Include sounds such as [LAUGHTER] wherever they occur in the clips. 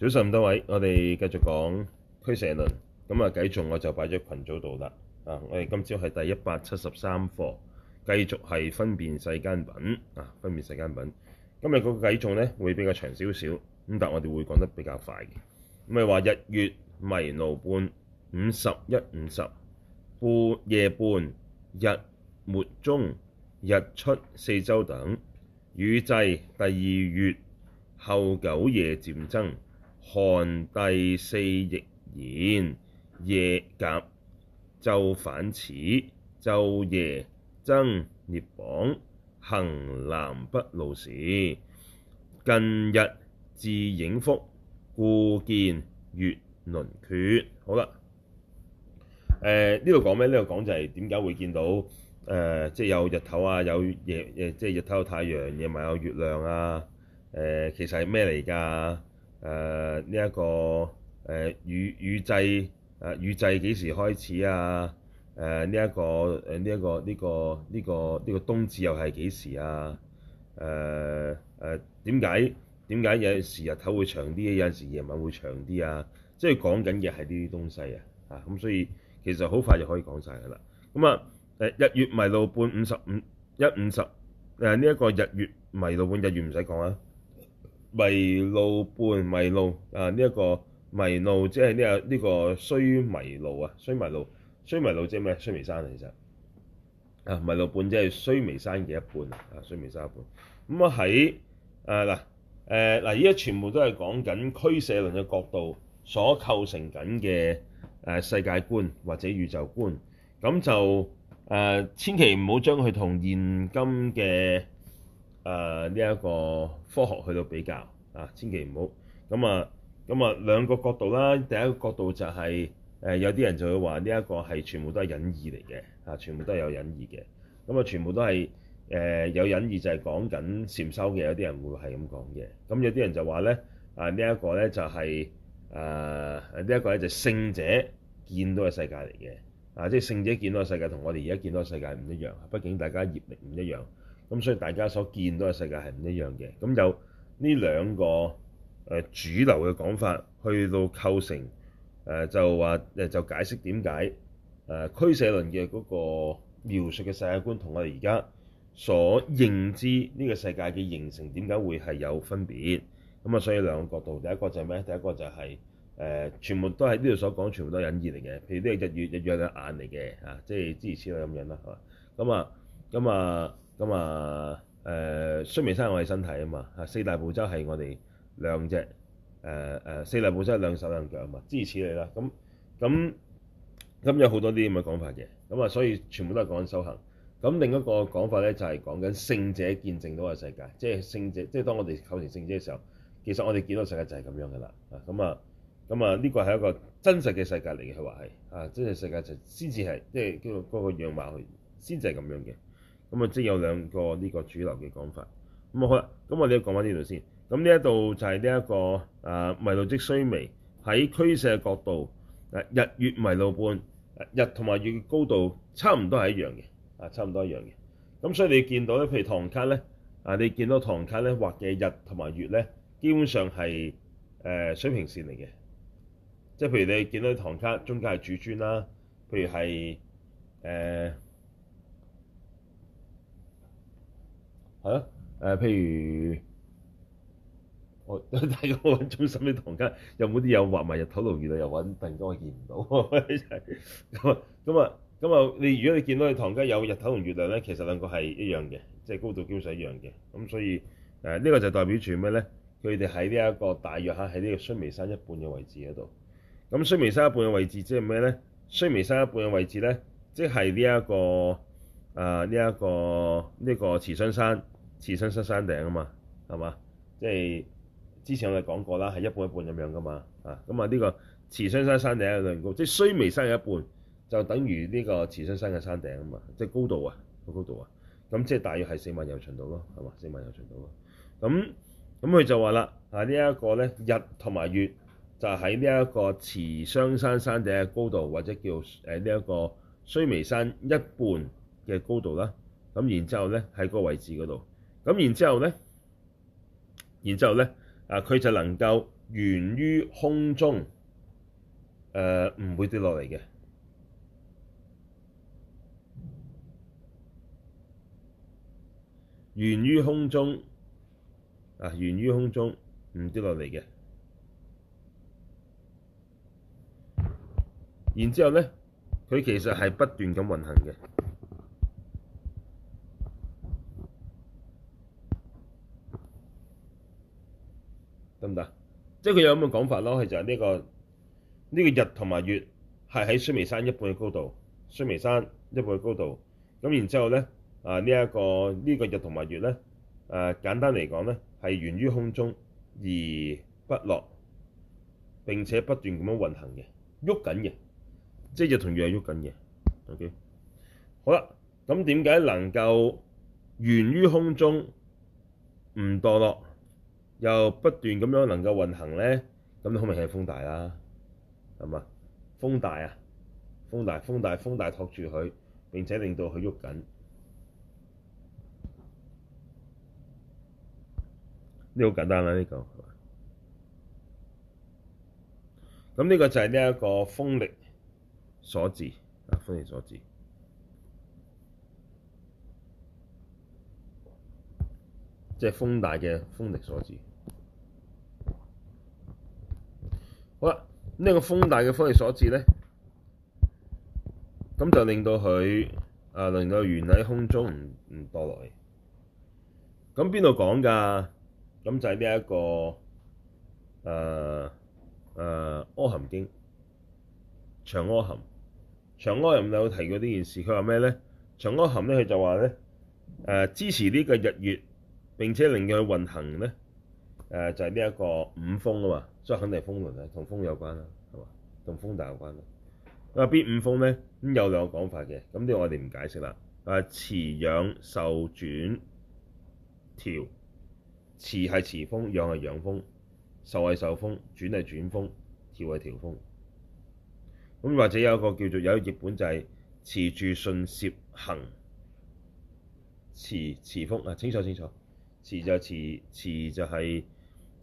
早晨多位，我哋繼續講軸蛇輪，咁啊計重我就擺咗群組度啦。啊，我哋今朝係第一百七十三課，繼續係分辨世間品啊，分辨世間品。今日個計重咧會比較長少少，咁但係我哋會講得比較快嘅。咁啊話日月迷路半五十一五十，半夜半日末中，日出四周等，雨際第二月，後九夜漸增。寒第四亦然，夜減晝翻此，晝夜增臘縛，行南北路時。近日自影覆，故見月輪缺。好啦，誒呢度講咩？呢度講就係點解會見到誒，即、呃、係、就是、有日頭啊，有夜誒，即、就、係、是、日頭有太陽，夜晚有月亮啊。誒、呃，其實係咩嚟㗎？誒呢一個誒、呃、雨雨際誒、呃、雨際幾時開始啊？誒呢一個誒呢一個呢、這個呢、這個呢、這個冬至又係幾時啊？誒誒點解點解有陣時日頭會長啲，有陣時夜晚會長啲啊？即係講緊嘅係呢啲東西啊！嚇、啊、咁所以其實好快就可以講晒㗎啦。咁啊誒日月迷盧半五十五一五十誒呢一個日月迷盧半日月唔使講啊！迷盧半迷盧啊！呢、這、一個迷盧即係呢、這個呢、這個蘇迷盧啊，蘇迷盧蘇迷盧即係咩？須彌山啊，其實啊迷盧半即係須彌山嘅一半啊，須彌山一半，咁啊喺啊嗱誒嗱依家全部都係講緊俱舍論嘅角度所構成緊嘅、啊、世界觀或者宇宙觀，咁就誒、啊、千祈唔好將佢同現今嘅誒呢一個科學去到比較啊，千祈唔好咁啊咁啊兩個角度啦。第一個角度就係誒有啲人就會話呢一個係全部都係隱義嚟嘅啊，全部都係有隱義嘅。咁啊，全部都係誒有隱義就係講緊禪修嘅，有啲人會係咁講嘅。咁有啲人就話咧啊，呢一個咧就係誒呢一個咧就係聖者見到嘅世界嚟嘅啊，即係聖者見到嘅世界同我哋而家見到嘅世界唔一樣，畢竟大家業力唔一樣。咁所以大家所見到嘅世界係唔一樣嘅。咁有呢兩個誒、呃、主流嘅講法，去到構成誒、呃、就話誒就解釋點解誒軫世論嘅嗰個描述嘅世界觀，同我哋而家所認知呢個世界嘅形成點解會係有分別。咁啊，所以兩個角度，第一個就係咩？第一個就係、是、誒、呃，全部都係呢度所講，全部都係隱義嚟嘅。譬如呢啲日月日月嘅眼嚟嘅嚇，即係諸如此類咁樣啦嚇。咁啊，咁、就是、啊。咁啊，誒，呃、蘇迷盧係我哋身體啊嘛，啊，四大部洲係我哋兩隻，誒、呃、四大部洲兩手兩腳啊嘛，支持你啦，咁咁咁有好多啲咁嘅講法嘅，咁啊，所以全部都係講緊修行。咁另一個法呢、就是、講法咧就係講緊聖者見證到嘅世界，即、就、係、是、聖者，即、就、係、是、當我哋構成聖者嘅時候，其實我哋見到世界就係咁樣嘅啦，啊，咁啊，咁啊，呢個係一個真實嘅世界嚟嘅，佢話係，啊，真實世界就先至係，即係叫做嗰個樣貌，先至係咁樣嘅。咁啊，即有兩個呢個主流嘅講法。咁、這個、啊，好啦，咁我哋講翻呢度先。咁呢一度就係呢一個誒迷盧即蘇迷盧喺俱舍角度誒、啊、日月迷盧半、啊、日同埋月嘅高度差唔多係一樣嘅啊，差唔多一樣嘅。咁所以你見到咧，譬如唐卡咧啊，你見到唐卡咧畫嘅日同埋月咧，基本上係誒、啊、水平線嚟嘅。即係譬如你見到唐卡中間係主尊啦，譬如係誒。啊係咯，誒、啊，譬如我睇我揾中心嘅唐家，有冇啲有人畫埋日頭同月亮？又揾，突然間我見唔到。咁 [LAUGHS] 啊，咁啊，咁啊，你如果你見到你唐家有日頭同月亮咧，其實兩個係一樣嘅，即係高度基本上一樣嘅。咁所以誒，呢、呃呢個就代表住咩咧？佢哋喺呢一個大約喺喺呢個須彌山一半嘅位置嗰度。咁須彌山一半嘅位置即係咩咧？須彌山一半嘅位置咧，即係呢一個。啊！呢、這、一個呢、這個持雙山持雙山山頂啊嘛，係嘛？即、就、係、是、之前我哋講過啦，係一半一半咁樣噶嘛。啊咁啊，呢、這個持雙山山頂嘅兩高，即係須彌山嘅一半，就等於呢個持雙山嘅山頂啊嘛。即係高度啊個高度啊，咁、啊、即係大約係四萬由旬長度咯，係嘛？四萬由旬長度咯。咁咁佢就話啦，啊、這個、呢一個咧日同埋月就喺呢一個持雙山山頂嘅高度，或者叫誒呢一個須彌山一半嘅高度啦，咁然之後咧喺個位置嗰度，咁然之後咧，然之後咧啊，佢就能夠懸於空中，誒、呃、唔會跌落嚟嘅，懸於空中，啊懸於空中唔跌落嚟嘅，然之後咧，佢其實係不斷咁運行嘅。得唔得？即係佢有咁嘅講法咯，係就係呢個呢個日同埋月係喺須彌山一半嘅高度，須彌山一半嘅高度。咁然之後咧，啊呢一個呢個日同埋月咧，啊簡單嚟講咧，係懸於空中而不落，並且不斷咁樣運行嘅，喐緊嘅，即係日同月係喐緊嘅。OK，好啦，咁點解能夠懸於空中唔墮落？又不斷咁樣能夠運行咧，咁好明顯係風大啦，係嘛？風大啊，風大，風大，風大托住佢，並且令到佢喐緊，呢個簡單啦，呢個。咁呢個就係呢一個風力所致啊，風力所致，即係風大嘅風力所致。好啦，呢、這個風大嘅風力所致咧，咁就令到佢啊能夠懸喺空中，唔唔墮落嚟。咁邊度講㗎？咁就係呢一個誒誒、呃呃、阿含經，長阿含。長阿含。唔，有提過呢件事，佢話咩咧？長阿含咧，佢就話咧誒，支持呢個日月，並且令佢運行咧。誒就係呢一個五風啊嘛，所以肯定係風輪咧，同風有關啦，係嘛，同風大有關啦。咁啊，邊五風咧？咁有兩個講法嘅，咁呢個我哋唔解釋啦。誒，持、養、受、轉、調。持係持風，養係養風，受係受風，轉係轉風，調係調風。咁或者有一個叫做有一譯本就係持住順攝行，持持風啊，清楚清楚，持就係持，持就係、是。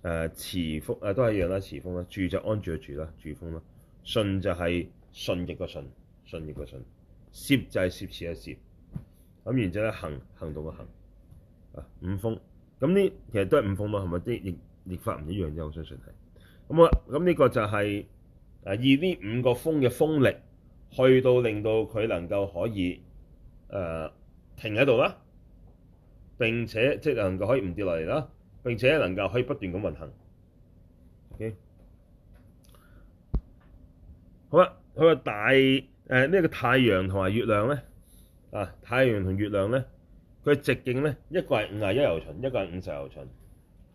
誒持風誒都係一樣啦，持風啦，住就安住嘅住啦，住風啦，順就係順義嘅順，順義嘅順，攝就係攝持嘅攝，咁然之後行，行動嘅行，啊五風，咁、嗯、呢其實都係五風嘛，係咪啲譯譯法唔一樣啫？我相信係，咁、嗯就是、啊，咁呢個就係誒以呢五個風嘅風力去到令到佢能夠可以誒、呃、停喺度啦，並且即係能夠可以唔跌落嚟啦。並且能夠可以不斷咁運行。OK? 好啦，佢個大誒呢、呃這個太陽同埋月亮咧啊，太陽同月亮咧，佢直徑咧一個係五十一由旬，一個係五十由旬，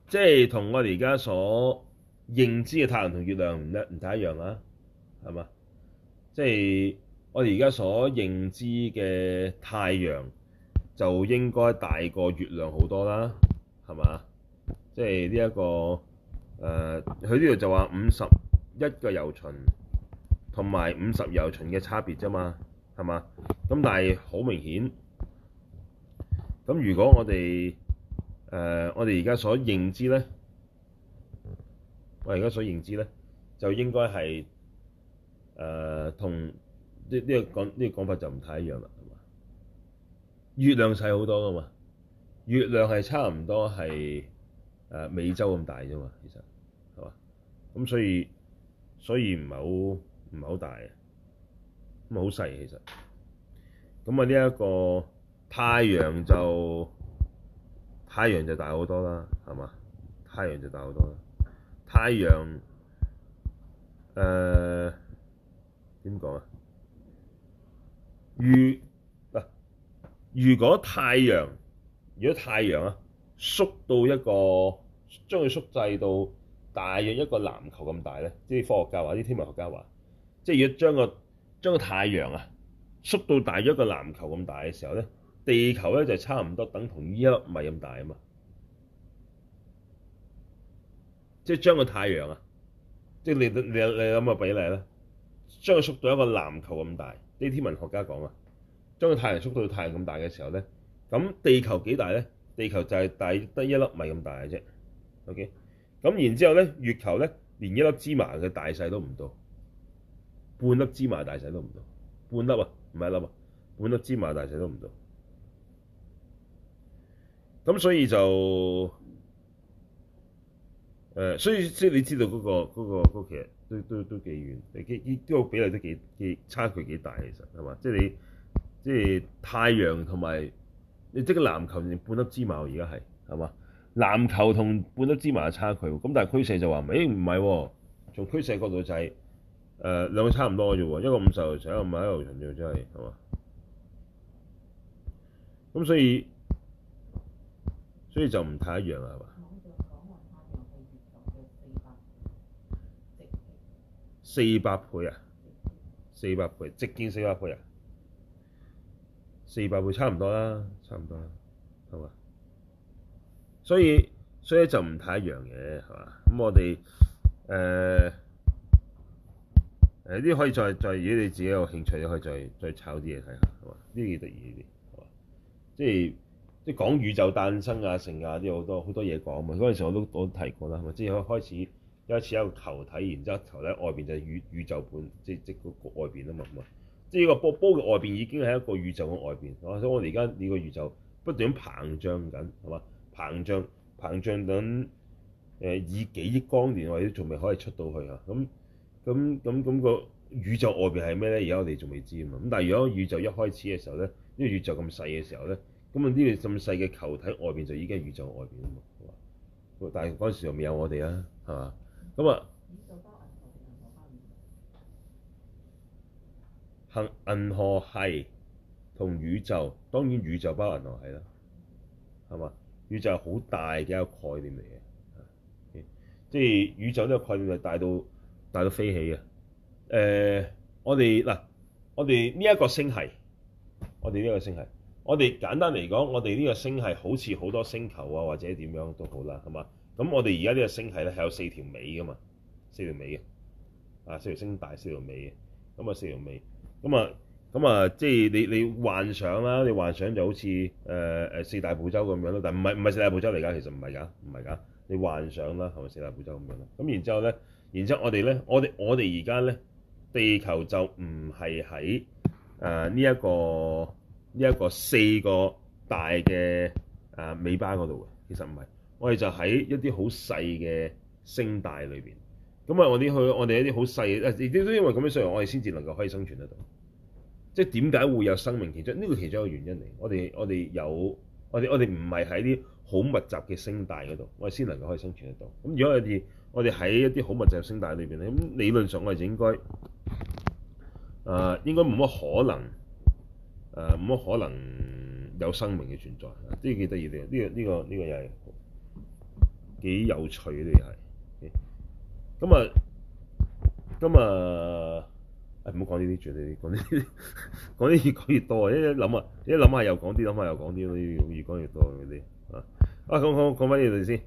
即係同我哋而家所認知嘅太陽同月亮唔一唔太一樣啊，係嘛？即、就、係、是、我哋而家所認知嘅太陽就應該大過月亮好多啦，係嘛？即係呢一個誒，佢呢度就話五十一個由旬同埋五十由旬嘅差別啫嘛，係嘛？咁但係好明顯，咁如果我哋誒、呃、我哋而家所認知咧，我而家所認知咧，就應該係誒、呃、同呢、這、呢個講呢、這個講、這個、法就唔太一樣啦，係嘛？月亮細好多㗎嘛，月亮係差唔多係。誒、呃、美洲咁大啫嘛，其實係嘛？咁、啊、所以所以唔係好唔係好大，咁好細其實、啊。咁啊呢一個太陽就太陽就大好多啦，係嘛？太陽就大好多啦。太陽，太陽呃，點講啊？如，嗱、啊，如果太陽，如果太陽啊？縮到一個，將佢縮細到大約一個籃球咁大咧，啲科學家或者天文學家話，即係要將個將個太陽啊縮到大約一個籃球咁大嘅時候咧，地球咧就差唔多等同於一粒米咁大啊嘛，即係將個太陽啊，即係你你你諗個比例咧，將佢縮到一個籃球咁大，啲天文學家講啊，將個太陽縮到太陽咁大嘅時候咧，咁地球幾大咧？地球就係大得一粒米咁大嘅啫，OK，咁然之後咧，月球咧連一粒芝麻嘅大細都唔到，半粒芝麻大細都唔到，半粒啊，唔係一粒啊，半粒芝麻大細都唔到。咁所以就誒，所以所以你知道嗰個嗰個嗰其實都都都幾遠，誒，幾呢個比例都幾幾差距幾大其實係嘛？即係你即係太陽同埋。你即個籃球半粒芝麻，而家係係嘛？籃球同半粒芝麻嘅差距，咁但係俱舍就話，咦唔係喎？從俱舍角度就係、是、誒、呃、兩個差唔多嘅啫喎，一個五十一，一個五十由旬，真係係嘛？咁所以所以就唔太一樣係嘛？四百倍啊！四百倍，直見四百倍啊！四百倍差唔多啦，差唔多啦，所以所以就唔太一樣係嘛？咁我哋誒啲可以再再，如果你自己有興趣，你可以再再炒啲嘢睇下，係嘛？呢啲幾得意啲，係嘛？即係即係講宇宙誕生啊，成啊，啲好多好多嘢講嘛。嗰陣時我都我都提過啦，係嘛？即係開開始有一次有球體，然之後球體外面就係宇宇宙本即即嗰外面啊嘛，咁即係個波波嘅外邊已經係一個宇宙嘅外邊，所以我哋而家呢個宇宙不斷膨脹緊，係嘛？膨脹膨脹緊，誒、呃、以幾億光年或者仲未可以出到去啊？咁咁咁咁個宇宙外邊係咩咧？而家我哋仲未知啊嘛！咁但係如果宇宙一開始嘅時候咧，呢個宇宙咁細嘅時候咧，咁啊呢個咁細嘅球體外邊就已經係宇宙外邊啊嘛，係嘛？但係嗰陣時仲未有我哋啊，係嘛？咁啊。行銀河系同宇宙，當然宇宙包銀河系啦，係嘛？宇宙係好大嘅一個概念嚟嘅，即係宇宙呢個概念係大到大到飛起嘅。誒、呃，我哋嗱、啊，我哋呢一個星系，我哋呢個星系，我哋簡單嚟講，我哋呢個星系好似好多星球啊，或者點樣都好啦，係嘛？咁我哋而家呢個星系咧係有四條尾噶嘛，四條尾嘅啊，四條星大，四條尾嘅咁啊，四條尾。咁啊，咁啊，即係你你幻想啦，你幻想就好似誒誒四大部洲咁樣咯，但唔係唔係四大部洲嚟㗎，其實唔係㗎，唔係㗎，你幻想啦，係咪四大部洲咁樣啦？咁然之後咧，然之後我哋咧，我哋我哋而家咧，地球就唔係喺誒呢一個呢一個四個大嘅誒尾巴嗰度嘅，其實唔係，我哋就喺一啲好細嘅星帶裏邊。咁啊，我哋去我哋一啲好細誒，亦都都因為咁樣所以，我哋先至能夠可以生存得到。即係點解會有生命，其中呢個其中一個原因嚟。我哋我哋有我哋，我哋唔係喺啲好密集嘅星帶嗰度，我哋先能夠可以生存得到。咁如果我哋我哋喺一啲好密集嘅星帶裏邊，咧，咁理論上我哋應該誒、呃、應該冇乜可能誒冇乜可能有生命嘅存在。呢幾得意啲，呢個呢個呢個又係幾有趣嘅呢係。咁啊咁啊。這個這個唔好講呢啲住，呢啲講呢啲，講啲越講越多啊！一諗啊，一諗下又講啲，諗下又講啲咯，越講越多嗰啲 immen 啊！啊，講講講翻呢度先，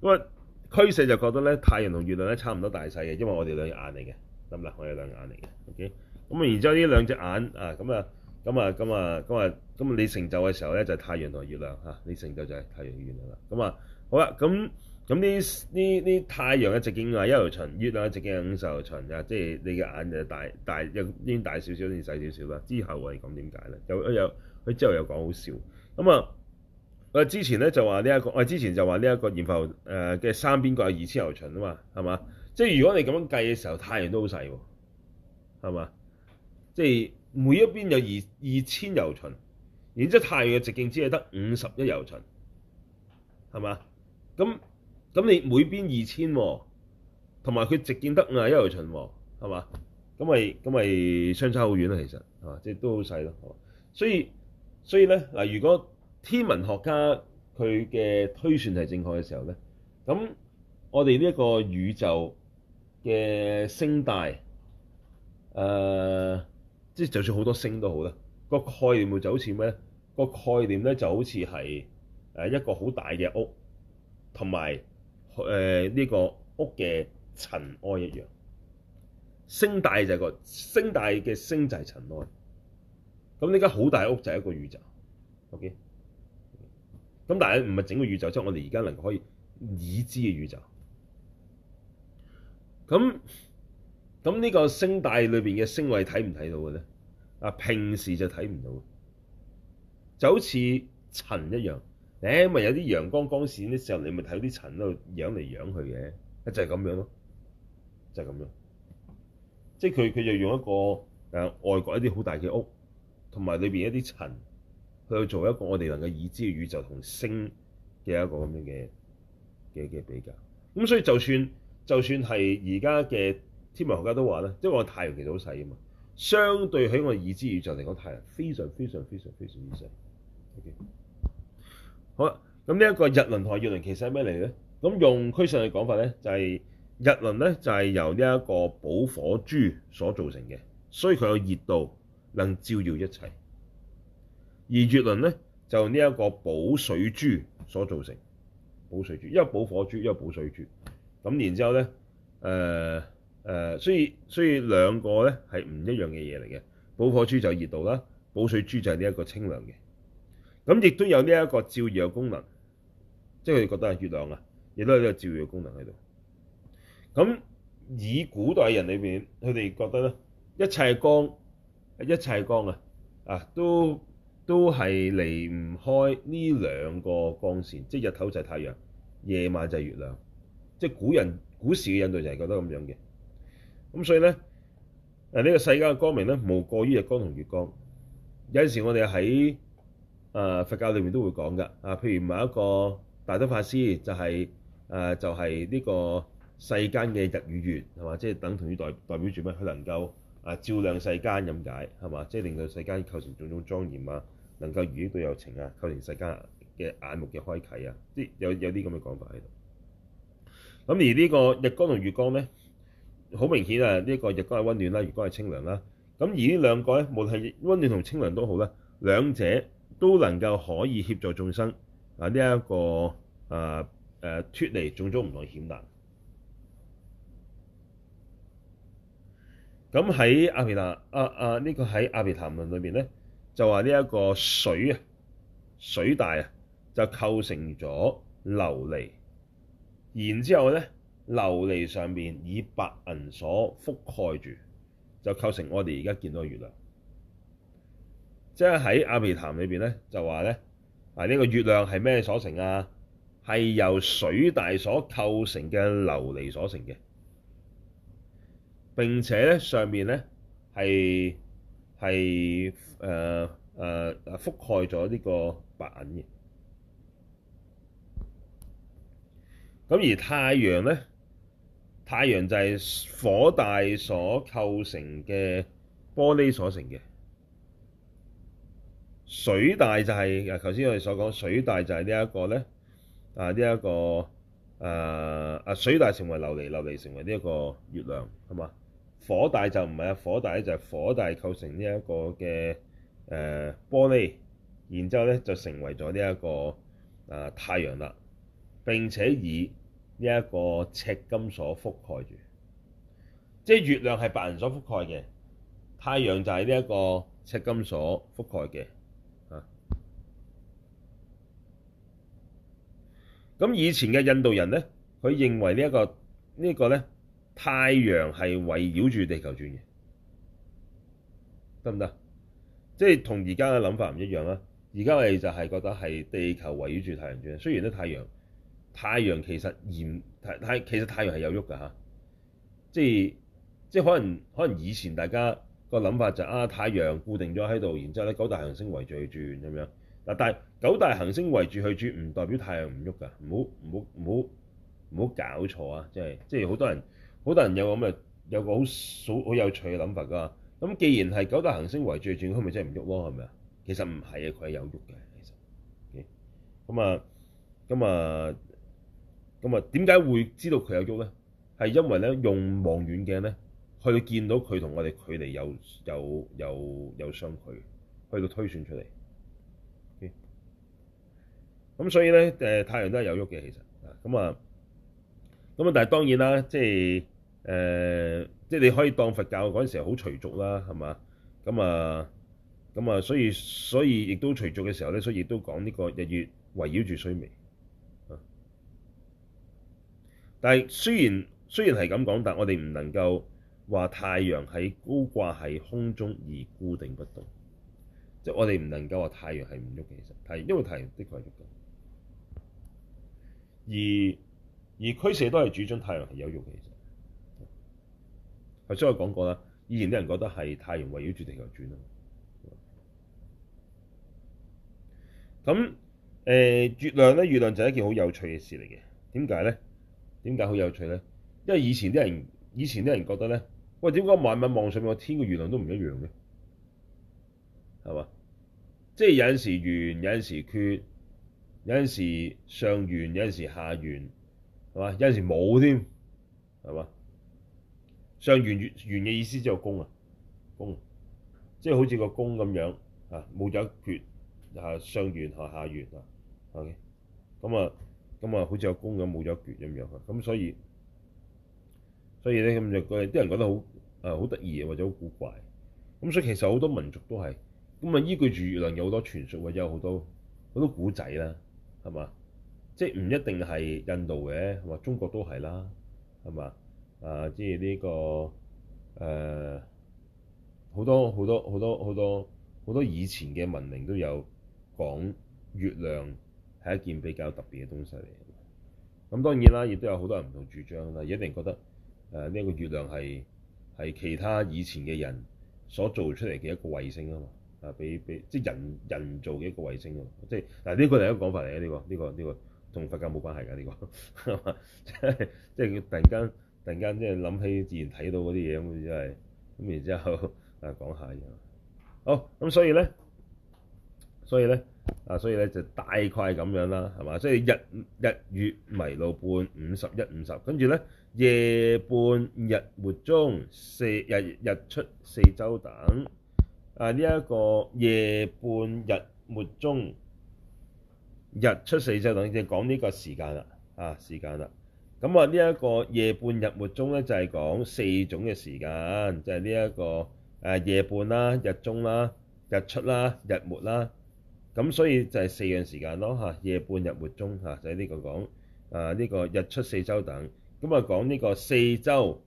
咁啊，俱舍就覺得咧，太陽同月亮咧差唔多大細嘅，因為我哋兩眼嚟嘅，得唔得？我哋兩眼嚟嘅，OK。咁啊 ISE，然之後呢兩隻眼啊，咁啊，咁 enqu 啊 York，咁、嗯、啊，咁啊，咁你成就嘅時候咧，就係、是、太陽同月亮啊神奇，你成就就係太陽與月亮啦。咁啊，好啦，咁。咁呢呢呢太陽嘅直徑係一由旬，月亮嘅直徑係五十由旬啊！即係你嘅眼就大大又應大少少，定細少少啦。之後我哋講點解咧？有有佢之後又講好笑。咁啊，我之前咧就話呢一個，我之前就話呢一個閻浮誒嘅三邊各有二千由旬啊嘛，係嘛？即係如果你咁樣計嘅時候，太陽都好細喎，係嘛？即係每一邊有二二千由旬，然之後太陽嘅直徑只係得五十一由旬，係嘛？咁咁你每邊二千、哦，同埋佢直徑得五十一由旬，係嘛？咁咪咁咪相差遠好遠啊！其實係嘛，即係都好細咯。所以所以咧嗱，如果天文學家佢嘅推算係正確嘅時候咧，咁我哋呢一個宇宙嘅星大，誒、呃，即係就算好多星都好啦，個概念就好似咩咧？個概念咧就好似係一個好大嘅屋，同埋。誒呢、呃這個屋嘅塵埃一樣，星大就係個星大嘅星就係塵埃，咁呢間好大屋就係一個宇宙，OK？咁但係唔係整個宇宙，即係我哋而家能夠可以已知嘅宇宙。咁咁呢個星大裏邊嘅星位睇唔睇到嘅咧？啊，平時就睇唔到，就好似塵一樣。欸、因咪有啲陽光光線嘅時候，你咪睇到啲塵喺度仰嚟仰去嘅，就係、是、咁樣咯，就係、是、咁樣。即係佢佢就用一個外國一啲好大嘅屋，同埋裏面一啲塵，去去做一個我哋能夠已知嘅宇宙同星嘅一個咁樣嘅嘅嘅比較。咁所以就算就算係而家嘅天文學家都話咧，即係話太陽其實好細啊嘛。相對喺我哋已知宇宙嚟講，太陽非常非常非常非常之細。好嘅。好啦，咁呢一個日輪同月輪其實係咩嚟咧？咁用俱舍嘅講法咧，就係、是、日輪咧就係、是、由呢一個寶火珠所造成嘅，所以佢有熱度，能照耀一切。而月輪咧就呢一個寶水珠所造成，寶水珠，一個寶火珠，一個寶水珠。咁然之後咧，誒、呃、誒、呃，所以所以兩個咧係唔一樣嘅嘢嚟嘅，寶火珠就熱度啦，寶水珠就係呢一個清涼嘅。咁亦都有呢一個照耀功能，即係佢哋覺得係，月亮啊，亦都有呢個照耀功能喺度。咁以古代人裏邊，佢哋覺得咧，一切光，一切光啊，啊都都係離唔開呢兩個光線，即係日頭就係太陽，夜晚就係月亮，即係古人古時嘅印度就係覺得咁樣嘅。咁所以咧，啊呢個世界嘅光明咧，無過於日光同月光。有陣時我哋喺誒、啊、佛教裏面都會講㗎啊，譬如某一個大德法師就係、是、誒、啊，就係、是、呢個世間嘅日與月係嘛，即係、就是、等同於代代表住咩？佢能夠誒照亮世間咁解係嘛，即係、就是、令到世間構成種種莊嚴啊，能夠饒益到有情啊，構成世間嘅眼目嘅開啓啊，即有有啲咁嘅講法喺度。咁而呢個日光同月光咧，好明顯啊，呢、這個日光係溫暖啦，月光係清涼啦。咁、啊、而呢兩個咧，無論係溫暖同清涼都好啦，兩者，都能夠可以協助眾生、這個、啊！呢一個啊誒脫離種種唔同險難。咁喺阿毘曇、啊啊這個、阿阿呢個喺阿毘曇論裏邊咧，就話呢一個水啊水大啊就構成咗琉璃，然之後咧，琉璃上邊以白銀所覆蓋住，就構成我哋而家見到嘅月亮。即係喺阿毘曇裏面咧，就話咧啊，呢個月亮係咩所成啊？係由水大所構成嘅琉璃所成嘅。並且咧上面咧係係誒誒覆蓋咗呢個白銀嘅。咁而太陽咧，太陽就係火大所構成嘅玻璃所成嘅。水大就係、是、誒，頭先我哋所講水大就係呢一個咧啊，呢、這、一個誒啊水大成為琉璃，琉璃成為呢一個月亮，係嘛？火大就唔係啊，火大咧就係火大構成呢一個嘅誒、呃、玻璃，然之後咧就成為咗呢一個啊太陽啦，並且以呢一個赤金所覆蓋住，即係月亮係白銀所覆蓋嘅，太陽就係呢一個赤金所覆蓋嘅。咁以前嘅印度人咧，佢認為呢一個呢個咧，太陽係圍繞住地球轉嘅，得唔得？即係同而家嘅諗法唔一樣啦。而家我哋就係覺得係地球圍繞住太陽轉，雖然咧太陽太陽其實太太其實太陽係有喐㗎嚇，即係即係可能可能以前大家個諗法就是，啊太陽固定咗喺度，然之後咧九大行星圍住佢轉咁樣但係九大行星圍住佢轉，唔代表太陽唔喐噶，唔好唔好唔好唔好搞錯啊！即係即係好多人好多人有咁嘅，有個好數好有趣嘅諗法噶。咁既然係九大行星圍住佢轉，可唔可真係唔喐喎？係咪啊？其實唔係啊，佢係有喐嘅。其實咁啊咁啊咁啊，okay? 點解會知道佢有喐咧？係因為咧用望遠鏡咧去見到佢同我哋距離有有有有相距，去到推算出嚟。咁所以咧，誒太陽都係有喐嘅，其實啊，咁、嗯、啊，咁、嗯、啊，但係當然啦，即係誒、嗯，即係你可以當佛教嗰陣時好隨俗啦，係嘛？咁、嗯、啊，咁、嗯、啊，所以所以亦都隨俗嘅時候咧，所以亦都講呢個日月圍繞住須彌。啊、嗯。但係雖然雖然係咁講，但係我哋唔能夠話太陽喺高掛喺空中而固定不動，即、就、係、是、我哋唔能夠話太陽係唔喐嘅，其實係因為太陽的確係喐。而而俱舍都係主張太陽係有用嘅，其實，頭先我講過啦。以前啲人覺得係太陽圍繞住地球轉那。咁、呃、誒，月亮咧，月亮就係一件好有趣嘅事嚟嘅。點解咧？點解好有趣咧？因為以前啲人，以前啲人覺得咧，喂，點解晚晚望上面個天個月亮都唔一樣嘅？係嘛？即、就、係、是、有時圓，有時缺。有陣時上弦，有陣時下弦，係嘛？有陣時冇添，係嘛？上弦月圓嘅意思就係弓啊，弓，即係好似個弓咁樣啊，冇咗一缺啊，上弦同下弦啊，OK？咁啊，咁啊，好似個弓咁冇咗一缺咁樣啊，咁所以，所以咧，咁就啲人覺得好啊好得意啊，或者好古怪。咁所以其實好多民族都係咁啊，依據住月亮有好多傳説或者有好多好多古仔啦。係嘛？即係唔一定係印度嘅，係嘛？中國都係啦。係嘛？啊、呃，即係呢、這個誒好，呃、多好多好多好多好多以前嘅文明都有講月亮係一件比較特別嘅東西嚟嘅。咁當然啦，亦都有好多人唔同主張啦。一定覺得誒呢、呃這個月亮係係其他以前嘅人所做出嚟嘅一個衛星啊嘛。啊！俾俾即係人人造嘅一個衛星喎，即係嗱呢個係一個講法嚟嘅呢個，呢、這個呢、這個同佛教冇關係嘅呢、這個，是 [LAUGHS] 即係即係佢突然間突然間即係諗起自然睇到嗰啲嘢咁，真係咁然之後啊講下嘢。好咁、嗯，所以咧，所以咧啊，所以咧就大概咁樣啦，係嘛？所以日日月迷盧半五十一五十，跟住咧夜半日沒中四日日出四洲等。啊！呢、這、一個夜半日沒中、日出四洲等，即係講呢個時間啦。啊，時間啦。咁啊，呢、這、一個夜半日沒中咧，就係、是、講四種嘅時間，就係呢一個誒、啊、夜半啦、日中啦、日出啦、日沒啦。咁所以就係四樣時間咯。嚇、啊，夜半日沒中嚇、啊，就係、是、呢個講啊。呢、這個日出四洲等，咁啊講呢、這個四洲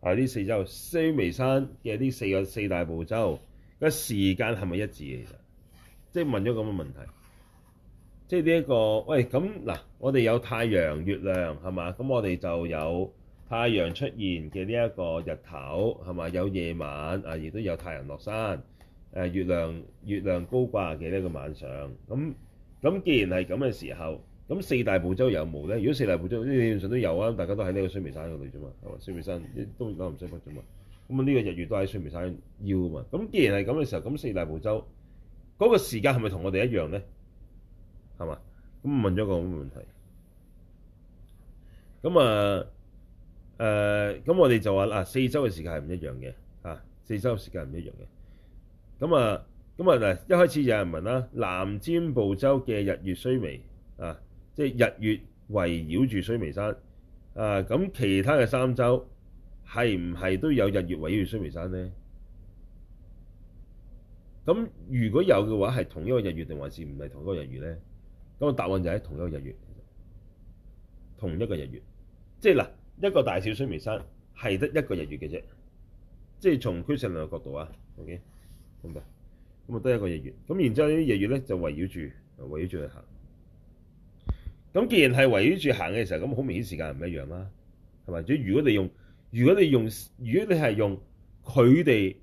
啊，呢四洲須彌山嘅呢四個四大部洲。個時間係咪一致啊？其實，即係問咗咁嘅問題，即係呢一個，喂咁嗱，我哋有太陽、月亮係嘛？咁我哋就有太陽出現嘅呢一個日頭係嘛？有夜晚啊，亦都有太陽落山，誒月亮，月亮高掛嘅呢一個晚上。咁，咁既然係咁嘅時候，咁四大部洲有冇咧？如果四大部洲基本上都有啊，大家都喺呢個須彌山嗰度啫嘛，係嘛？須彌山都攞唔出骨啫嘛。咁呢個日月都喺須彌山腰啊嘛！咁既然係咁嘅時候，咁四大部洲嗰、那個時間係咪同我哋一樣咧？係嘛？咁問咗一個咁嘅問題。咁、呃、啊，誒，咁我哋就話啦，四洲嘅時間係唔一樣嘅，嚇、啊，四洲嘅時間唔一樣嘅。咁啊，咁啊，嗱，一開始有人問啦，南贍部洲嘅日月衰微啊，即係日月圍繞住須彌山啊，咁其他嘅三洲。係唔係都有日月圍繞住須彌山咧？咁如果有嘅話，係同一個日月定還是唔係同一個日月咧？咁個答案就係同一個日月，同一個日月，即係嗱一個大小須彌山係得一個日月嘅啫，即係從俱舍論嘅角度啊，OK，咁啊，咁啊得一個日月，咁然之後呢啲日月咧就圍繞住圍繞住嚟行。咁既然係圍繞住行嘅時候，咁好明顯時間唔一樣啦，係咪？即如果你用。如果你用，如果你係用佢哋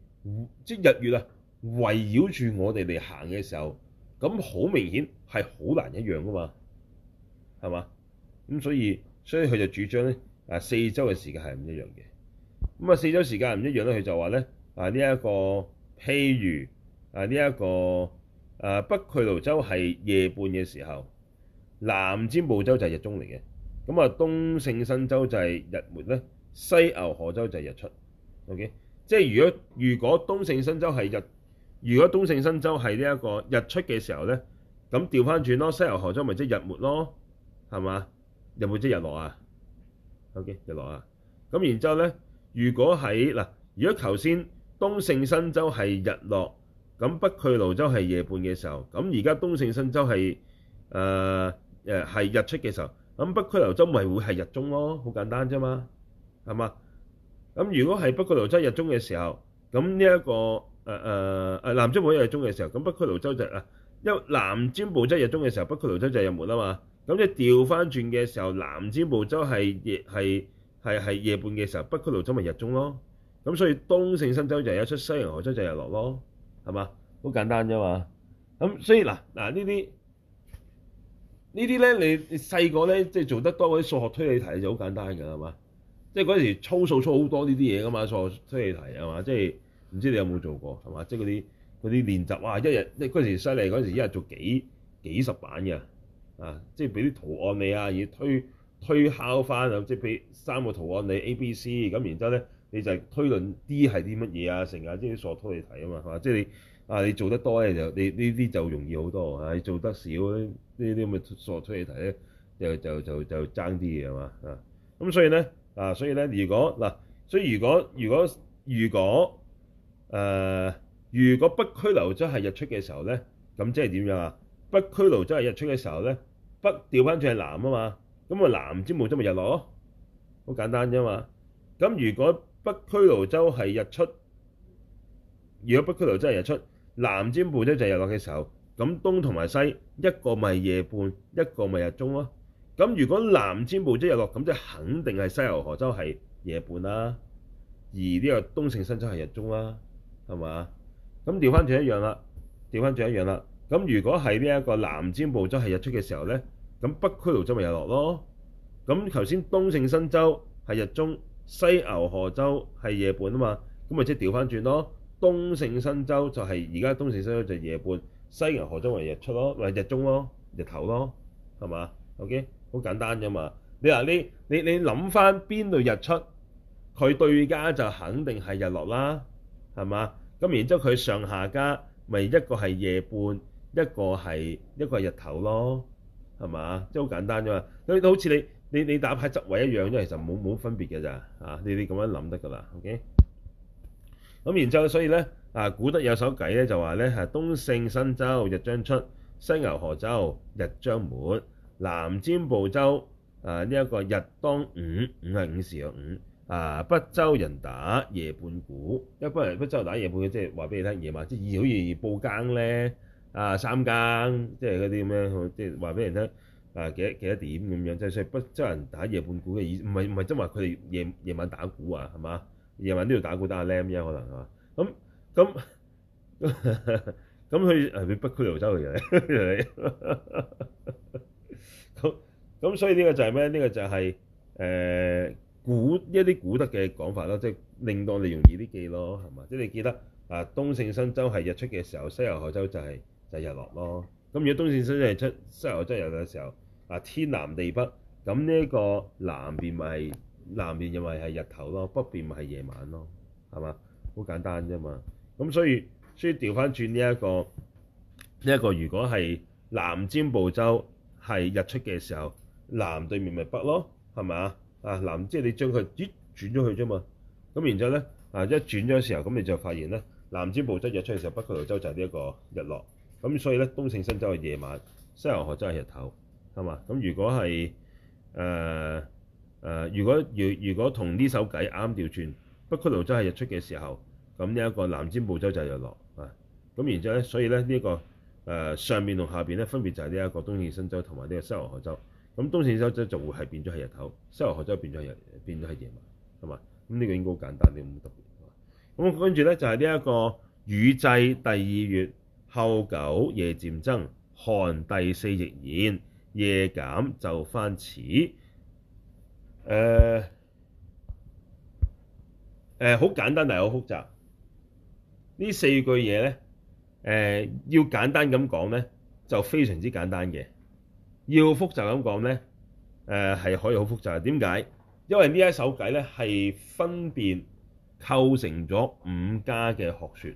即日月啊，圍繞住我哋嚟行嘅時候，咁好明顯係好難一樣噶嘛，係嘛？咁所以所以佢就主張咧啊，四洲嘅時間係唔一樣嘅。咁啊，四洲時間唔一樣咧，佢就話咧啊，呢、這、一個譬如啊，呢、這、一個啊北俱盧洲係夜半嘅時候，南贍部洲就係日中嚟嘅。咁啊，東勝身洲就係日沒咧。西牛貨洲就係日出，OK，即係如果如果東勝身洲係日，如果東勝身洲係呢一個日出嘅時候呢，咁調翻轉咯，西牛貨洲咪即日沒咯，係嘛？日沒即日落啊，OK，日落啊。咁然之後呢，如果喺嗱，如果頭先東勝身洲係日落，咁北俱盧洲係夜半嘅時候，咁而家東勝身洲係誒誒係日出嘅時候，咁北俱盧洲咪會係日中咯，好簡單啫嘛。係嘛？咁如果係北俱盧洲日中嘅時候，咁呢一個誒誒誒南贍部洲日中嘅時候，咁北俱盧洲就啊、是，一南贍部洲日中嘅時候，北俱盧洲就日沒啊嘛。咁即係調翻轉嘅時候，南贍部洲係夜係係係夜半嘅時候，北俱盧洲咪日中咯。咁所以東勝身洲就日出，西牛貨洲就日落咯。係嘛？好簡單啫嘛。咁所以嗱嗱呢啲呢啲咧，你細個咧即係做得多啲數學推理題就好簡單㗎，係嘛？即係嗰陣時粗數粗好多呢啲嘢㗎嘛，數學推理題係嘛？即係唔知你有冇做過係嘛？即係嗰啲嗰啲練習，哇！一日即係嗰陣時犀利，嗰陣時一日做幾幾十版嘅啊！即係俾啲圖案你啊，要推推敲翻啊，即係俾三個圖案你 A、B、C，咁然之後咧你就推論 D 係啲乜嘢啊？成日即係啲數學推理題啊嘛，係嘛？即係你啊，你做得多咧就你呢啲就容易好多啊，你做得少咧呢啲咁嘅數學推理題咧就就就就爭啲嘢係嘛啊？咁所以咧。啊，所以咧，如果嗱、啊，所以如果如果如果誒，如果北俱盧洲係日出嘅時候咧，咁即係點樣啊？北俱盧洲係日出嘅時候咧，北掉返轉係南啊嘛，咁啊南贍部洲咪日落咯，好簡單啫嘛。咁如果北俱盧洲係日出，如果北俱盧洲係日出，南贍部洲就係日落嘅時候，咁東同埋西一個咪夜半，一個咪日中咯。咁如果南贍部洲日落，咁即肯定係西牛貨洲係夜半啦、啊，而呢個東勝身洲係日中啦、啊，係嘛？咁調翻轉一樣啦，調翻轉一樣啦。咁如果係呢一個南贍部洲係日出嘅時候呢，咁北俱盧洲咪日落咯？咁頭先東勝身洲係日中，西牛貨洲係夜半啊嘛，咁咪即係調翻轉咯。東勝身洲就係，而家東勝身洲就係夜半，西牛貨洲為日出咯，咪日中咯，日頭咯，係嘛？OK。好簡單啫嘛！你話你你你諗翻邊度日出，佢對家就肯定係日落啦，係嘛？咁然之後佢上下家，咪、就是、一個係夜半，一個係一個係日頭咯，係嘛？即係好簡單啫嘛！佢好似你你你打牌執位一樣，即係其實冇冇分別嘅咋啊？你你咁樣諗得㗎啦，OK？咁然之後，所以咧啊，古德有首偈咧，就話咧係東勝身洲日將出，西牛貨洲日將沒。南尖贍部洲啊，呢一個日當午，午係午時啊，午、呃、啊北洲人打夜半鼓，一般人北洲人打夜半即係話俾你聽夜晚即係二好似二報更咧啊三更，即係嗰啲咩，即係話俾人聽啊幾多幾多點咁樣，即係即係北洲人打夜半鼓嘅意思，唔係唔係真話佢哋夜夜晚打鼓啊，係嘛？夜晚都要打鼓打阿 lem 呀，可能係嘛？咁咁咁佢係咪北區潮州人嚟？ [LAUGHS] 咁所以呢個就係咩？呢、這個就係、是、誒、呃、古一啲古德嘅講法啦，即係令到你容易啲記咯，係嘛？即係你記得啊，東勝身洲係日出嘅時候，西牛貨洲就係、是、就是、日落咯。咁如果東勝身洲係出，西牛貨洲日落嘅時候，啊天南地北，咁呢一個南邊咪、就是、南邊又咪係日頭咯，北邊咪係夜晚咯，係嘛？好簡單啫嘛。咁所以所以調返轉呢一個呢一個，這個、如果係南贍部洲係日出嘅時候。南對面咪北咯，係咪啊？啊南即係你將佢轉咗去啫嘛。咁然之後咧，嗱、啊、一轉咗嘅時候，咁你就發現咧，南贍部洲日出嘅時候，北俱盧洲就係呢一個日落。咁所以咧，東勝身洲係夜晚，西牛貨洲係日頭，係嘛？咁如果係誒誒，如果如、呃、如果同呢首偈啱調轉，北俱盧洲係日出嘅時候，咁呢一個南贍部洲就係日落啊。咁然之後咧，所以咧呢一、這個誒、呃、上面同下邊咧分別就係呢一個東勝身洲同埋呢個西牛貨洲，咁東線州州就會係變咗係日頭，西牛貨洲變咗係日，變咗係夜晚，係嘛？咁呢個應該好簡單，冇、這、乜、個、特別，係嘛？咁跟住咧就係呢一個雨際第二月後九夜漸增，寒第四亦然夜減晝翻此。誒、呃、誒，好、呃、簡單，但係好複雜。呢四句嘢咧、呃，要簡單咁講咧，就非常之簡單嘅。要複雜咁講咧，係可以好複雜。點解？因為呢一首偈咧係分辨構成咗五家嘅學説。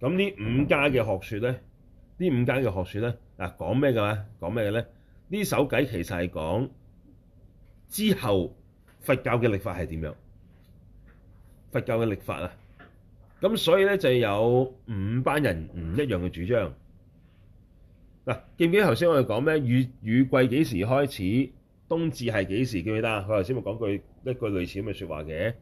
咁呢五家嘅學説咧，呢五家嘅學説咧，嗱講咩嘅話？講咩嘅咧？呢首偈其實係講之後佛教嘅曆法係點樣？佛教嘅曆法啊，咁所以咧就有五班人唔一樣嘅主張。嗱，記唔記得頭先我哋講咩？雨雨季幾時開始？冬至係幾時？記唔記得啊？佢頭先咪講句一句類似咁嘅説話嘅。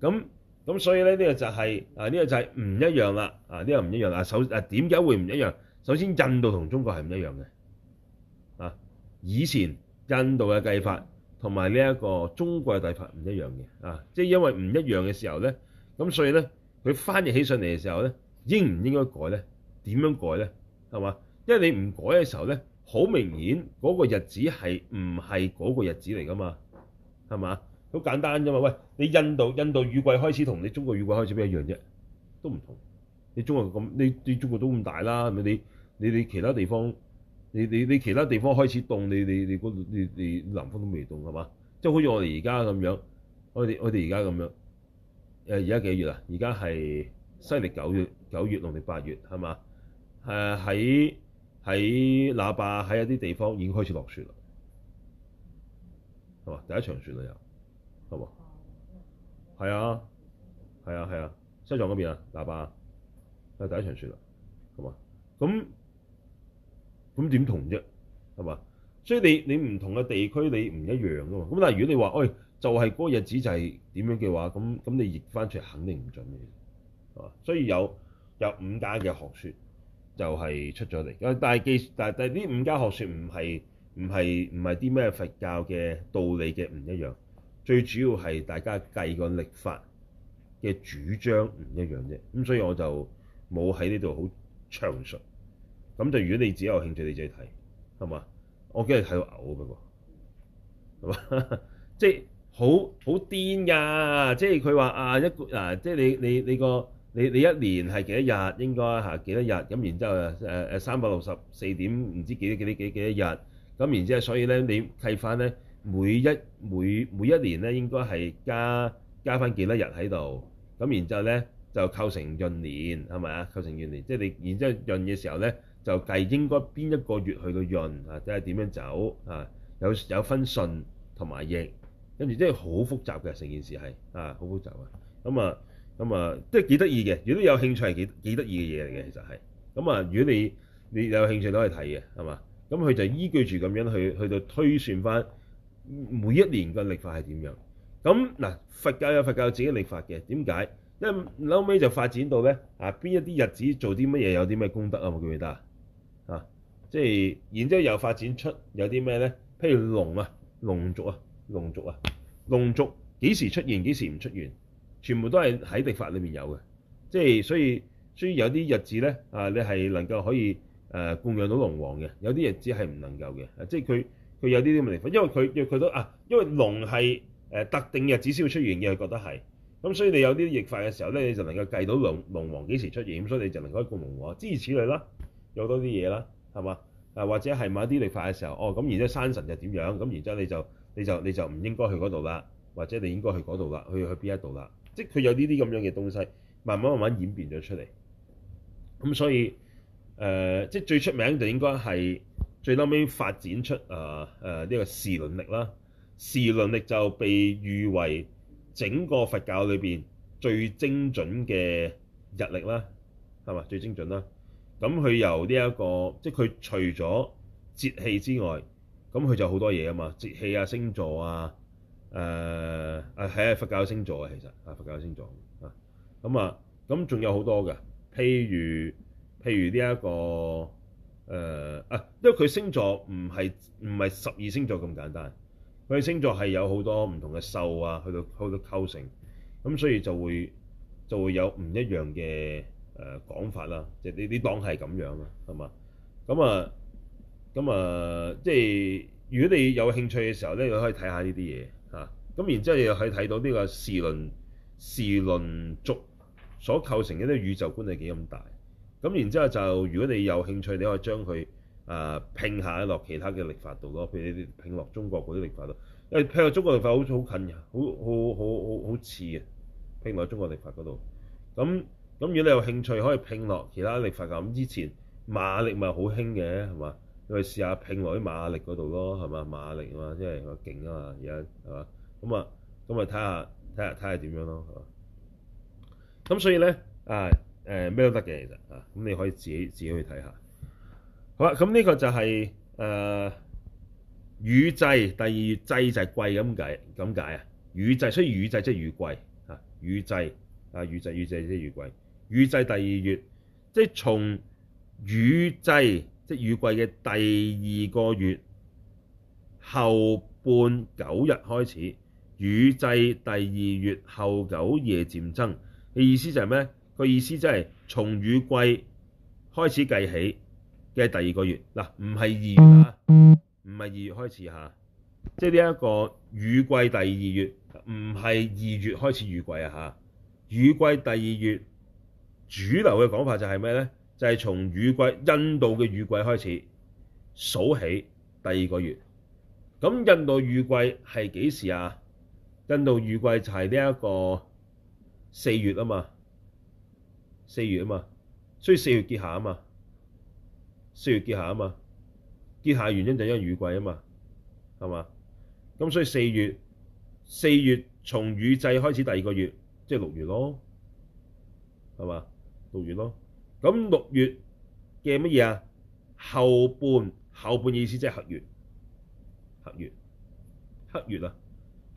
咁咁所以咧，呢個就係啊，呢個就係唔一樣啦。啊，呢個唔一樣啦。首啊，點解會唔一樣？首先，印度同中國係唔一樣嘅。啊，以前印度嘅計法同埋呢一個中國嘅計法唔一樣嘅。啊，即係因為唔一樣嘅時候咧，咁所以咧，佢翻譯起上嚟嘅時候咧，應唔應該改咧？點樣改咧？係嘛？因為你唔改嘅時候咧，好明顯嗰個日子係唔係嗰個日子嚟㗎嘛？係嘛？好簡單啫嘛！喂，你印度印度雨季開始同你中國雨季開始咩一樣啫？都唔同。你中國咁，你你中國都咁大啦，係咪？你你你其他地方，你你你其他地方開始凍，你你你你你南方都未凍係嘛？即係好似我哋而家咁樣，我哋我哋而家咁樣誒，而家幾月啊？而家係西歷九月，九月農曆八月係嘛？誒，喺。喺喇叭，喺一啲地方已經開始落雪啦，係嘛？第一場雪嚟啊，係嘛？係啊，係啊，係啊，西藏嗰邊啊，喇叭，係第一場雪啦，係嘛？咁咁點同啫？係嘛？所以你你唔同嘅地區你唔一樣噶嘛？咁但係如果你話喂、哎、就係、是、嗰日子就係點樣嘅話，咁咁你譯翻出嚟肯定唔準嘅，係嘛？所以有有五家嘅學説。就係出咗嚟，但係既但係呢啲五家學説唔係唔係唔係啲咩佛教嘅道理嘅唔一樣，最主要係大家計個曆法嘅主張唔一樣啫。咁所以我就冇喺呢度好詳述。咁就如果你自己有興趣，你自己睇係嘛？我梗係睇到嘔㗎噃，係嘛？ [LAUGHS] 即係好好癲㗎！即係佢話啊，一個啊，即係你你你個。你你一年係幾多日？應該嚇幾多日？咁然之後誒誒三百六十四點唔知幾幾幾幾多日？咁然之後，所以咧你計翻咧，每一每每一年咧應該係加加翻幾多日喺度？咁然之後咧就構成閏年係咪啊？構成閏年，即係你然之後閏嘅時候咧，就計應該邊一個月去到閏啊？即係點樣走啊？有有分順同埋逆，跟住即係好複雜嘅成件事係啊，好複雜啊！咁啊～咁啊，即係幾得意嘅。如果有興趣係幾幾得意嘅嘢嚟嘅，其實係。咁啊，如果你有有如果你有興趣都可以睇嘅，係嘛？咁佢就依據住咁樣去去到推算翻每一年個曆法係點樣的。咁嗱，佛教有佛教有自己曆法嘅。點解？因為後屘就發展到咧啊，邊一啲日子做啲乜嘢有啲咩功德啊？記唔記得啊？即係然之後又發展出有啲咩咧？譬如龍啊、龍族啊、龍族啊、龍族幾時出現、幾時唔出現？全部都係喺曆法裏面有嘅，即係所以，所以有啲日子咧啊，你係能夠可以誒、呃、供養到龍王嘅，有啲日子係唔能夠嘅，即係佢佢有啲咁嘅曆法，因為佢佢都啊，因為龍係誒、呃、特定日子先會出現嘅，佢覺得係咁，所以你有啲曆法嘅時候咧，你就能夠計到龍龍王幾時出現，咁所以你就能夠供龍王，諸如此類啦，有多啲嘢啦，係嘛？啊或者係某啲曆法嘅時候，哦咁，然之後山神就點樣？咁然之後你就你就你就唔應該去嗰度啦，或者你應該去嗰度啦，去去邊一度啦？即係佢有呢啲咁樣嘅東西，慢慢慢慢演變咗出嚟。咁所以、呃、即係最出名就應該係最，最後尾發展出啊呢、呃呃呢個時輪曆啦。時輪曆就被譽為整個佛教裏面最精準嘅日曆啦，係嘛，最精準啦。咁佢由呢、呢、一個，即係佢除咗節氣之外，咁佢就好多嘢啊嘛，節氣啊、星座啊。誒啊係啊，佛教星座啊，其實啊佛教星座啊，咁啊咁仲有好多㗎，譬如譬如呢、這、一個誒啊，因為佢星座唔係唔係十二星座咁簡單，佢星座係有好多唔同嘅獸啊，去到去到構成，咁所以就會就會有唔一樣嘅誒講法啦，即係呢啲當係咁樣啦，係嘛？咁啊咁啊，即係、啊就是、如果你有興趣嘅時候咧，你可以睇下呢啲嘢。咁然之後又可以睇到呢個時輪時輪族所構成嘅啲宇宙觀係幾咁大，咁然之後就如果你有興趣，你可以將佢啊拼下一落其他嘅曆法度咯，譬如你拼落中國嗰啲曆法度，因為拼落中國曆法好好近呀，好好好好好似嘅，拼落中國曆法嗰度。咁咁如果你有興趣，可以拼落其他曆法，咁之前馬力咪好興嘅，係嘛？去試，試拼下拼落啲馬力嗰度咯，係嘛？馬力啊嘛，因為佢勁啊嘛，而家係嘛？咁啊，咁啊睇下睇下睇下點樣咯，係嘛？咁所以咧啊誒咩都得嘅其實啊，咁你可以自己自己去睇下。好啦，咁呢個就係、是、誒、啊、雨際第二月，際就係季咁計咁解啊？雨際，所以雨際即係雨季啊！雨際啊！雨際雨際即係雨季，雨際第二月即係、就是、從雨際。即雨季嘅第二個月後半九日開始，雨際第二月後九夜漸增嘅意思就係咩？個意思即係從雨季開始計起嘅第二個月，嗱唔係二月啊，唔係二月開始嚇，即係呢一個雨季第二月唔係二月開始雨季啊嚇，雨季第二月主流嘅講法就係咩咧？就係從雨季，印度嘅雨季開始數起第二個月。咁印度雨季係幾時啊？印度雨季就係呢一個四月啊嘛，四月啊嘛，所以四月結下啊嘛，四月結下啊嘛，結下原因就因為雨季啊嘛，係嘛？咁所以四月，四月從雨季開始第二個月，即係六月咯，係嘛？六月咯。咁六月嘅乜嘢啊？後半，後半意思即係黑月，黑月，黑月啊。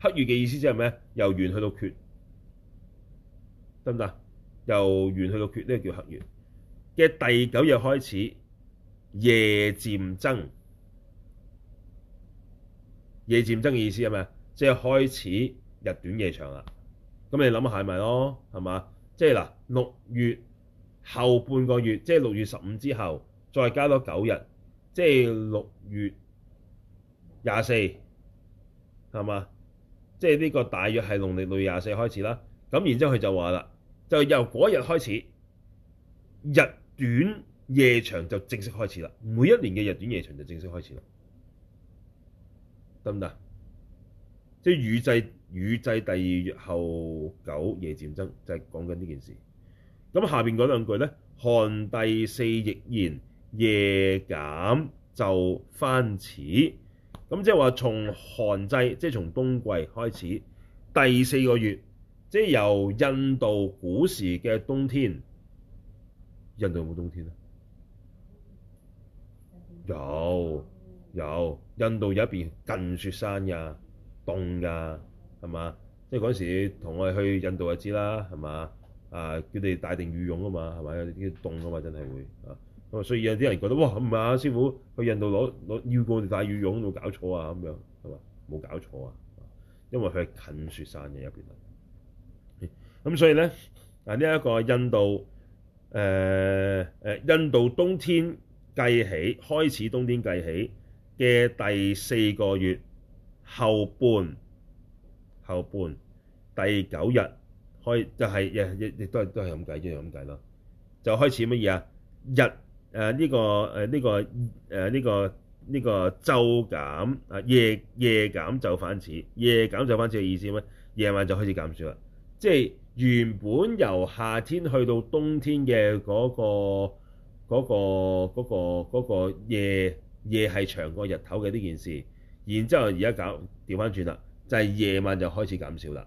黑月嘅意思即係咩？由圓去到缺，得唔得？由圓去到缺呢個叫黑月嘅第九日開始，夜漸增，夜漸增嘅意思係咩？即係開始日短夜長啦。咁你諗下係咪咯？係嘛？即係嗱，六月。後半個月，即係六月十五之後，再加多九日，即係六月廿四，係嘛？即係呢個大約係農曆六月廿四開始啦。咁然之後佢就話啦，就由嗰日開始，日短夜長就正式開始啦。每一年嘅日短夜長就正式開始啦，得唔得？即係雨際，雨際第二月後九夜漸增就係講緊呢件事。咁下面嗰兩句咧，寒第四亦然，夜減晝翻此。咁即係話從寒際，即係從冬季開始，第四個月，即係由印度古時嘅冬天。印度有冇冬天啊？有有，印度有一邊近雪山㗎，凍㗎，係嘛？即係嗰陣時同我哋去印度就知啦，係嘛？啊！叫你帶定羽絨啊嘛，係咪啊？有啲凍啊嘛，真係會啊。咁啊，所以有啲人覺得，哇！唔係啊，師傅去印度攞攞要過我哋帶羽絨，有冇搞錯啊？咁樣係嘛？冇搞錯啊！因為佢係近雪山嘅入邊。咁所以咧，啊呢一個印度誒誒、呃，印度冬天計起開始冬天計起嘅第四個月後半後半第九日。開就係、是，亦亦亦都係都係咁計，一樣咁計咯。就開始乜嘢啊？日誒呢個誒呢個誒呢個呢個晝減啊，這個啊這個這個、夜夜減就反轉，夜減就反轉嘅意思咩？夜晚就開始減少啦，即、就、係、是、原本由夏天去到冬天嘅嗰、那個嗰、那個嗰、那個那個那個夜夜係長過日頭嘅呢件事，然之後而家搞調翻轉啦，就係、是、夜晚就開始減少啦，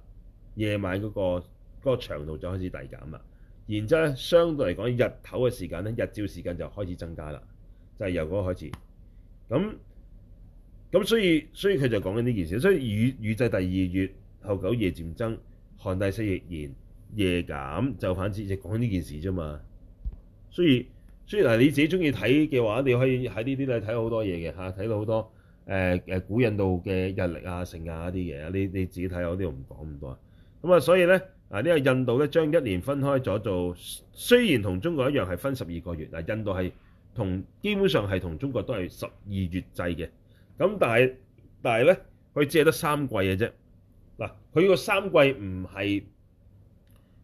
夜晚嗰、那個。個長度就開始遞減啦，然之後咧，相對嚟講，日頭嘅時間咧，日照時間就開始增加啦，就係、是、由嗰個開始咁咁，所以所以佢就講緊呢件事，所以雨雨際第二月後九夜漸增，寒第四亦然夜減，就反之就講呢件事啫嘛。所以所以嗱，你自己中意睇嘅話，你可以喺呢啲咧睇好多嘢嘅嚇，睇到好多誒誒、呃、古印度嘅日曆啊、剩啊啲嘢，你你自己睇，我呢度唔講咁多啊。咁啊，所以咧。啊！呢個印度咧將一年分開咗做，雖然同中國一樣係分十二個月，嗱，印度係同基本上係同中國都係十二月制嘅。咁但係但係咧，佢借得三季嘅啫。嗱，佢個三季唔係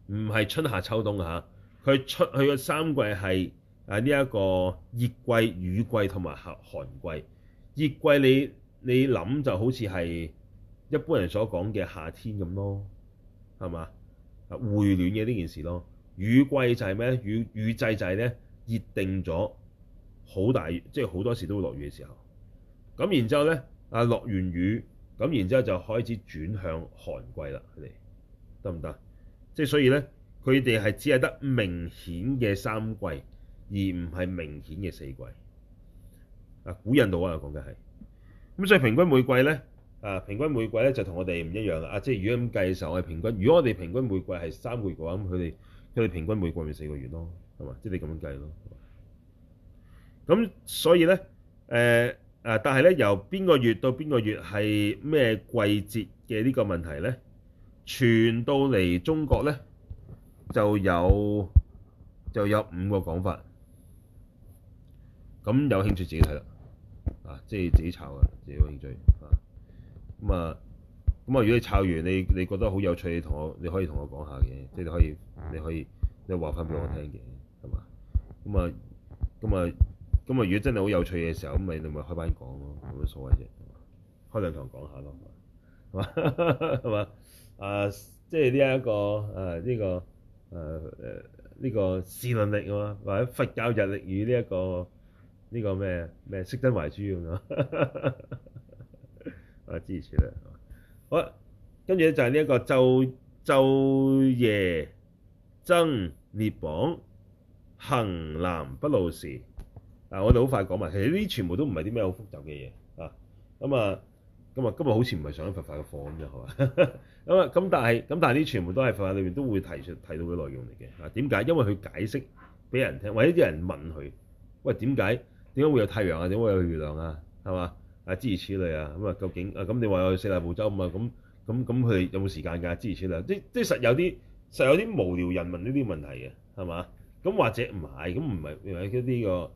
唔係春夏秋冬啊，佢出佢個三季係啊呢一個熱季、雨季同埋寒寒季。熱季你你諗就好似係一般人所講嘅夏天咁咯，係嘛？回暖嘅呢件事咯，雨季就係咩？雨雨際就係咧熱定咗好大，即係好多時都會落雨嘅時候。咁然之後咧，啊落完雨，咁然之後就開始轉向寒季啦。佢哋得唔得？即係所以咧，佢哋係只係得明顯嘅三季，而唔係明顯嘅四季。印度啊，古印度啊講嘅係，咁所以平均每季咧。啊，平均每季咧就同我哋唔一樣啦。啊，即係如果咁計嘅時候，我哋平均。如果我哋平均每季係三個月嘅話，咁佢哋佢哋平均每季咪四個月咯，係嘛？即係你咁樣計咯。咁所以咧，誒、呃、啊，但係咧，由邊個月到邊個月係咩季節嘅呢個問題咧，傳到嚟中國咧就有就有五個講法。咁有興趣自己睇啦，啊，即係自己查嘅，自己有興趣啊。咁啊，咁啊，如果你摷完你，你覺得好有趣，同我你可以同我講下嘅，即係你可以，你可以，即係話翻俾我聽嘅，係嘛？咁啊，咁啊，咁啊，如果真係好有趣嘅時候，咁咪你咪開班講咯，有乜所謂啫？開兩堂講下咯，係嘛？係 [LAUGHS] 嘛、這個？啊、這個，即係呢一個啊，呢、這個誒誒呢個視聽力啊嘛，或者佛教日力與呢、這、一個呢、這個咩咩識真為珠咁啊！啊，支持啦。好，跟住咧就係呢一個晝晝夜增臘縛，行南北路時。啊，我哋好快講埋，其實呢啲全部都唔係啲咩好複雜嘅嘢啊。咁啊，咁啊，今日好似唔係上一佛法嘅課咁啫，係嘛？咁啊，咁、啊、但係，咁但係，啲全部都係佛法裏面都會提出提到嘅內容嚟嘅。啊，點解？因為佢解釋俾人聽，或者啲人問佢：喂，點解點解會有太陽啊？點解會有月亮啊？係嘛？啊，諸如此類啊，咁、嗯、啊，究竟啊，咁你話我四大部洲咁啊，咁咁咁佢哋有冇時間㗎？諸如此類，即即實有啲實有啲無聊人問呢啲問題嘅，係嘛？咁或者唔係，咁唔係呢個，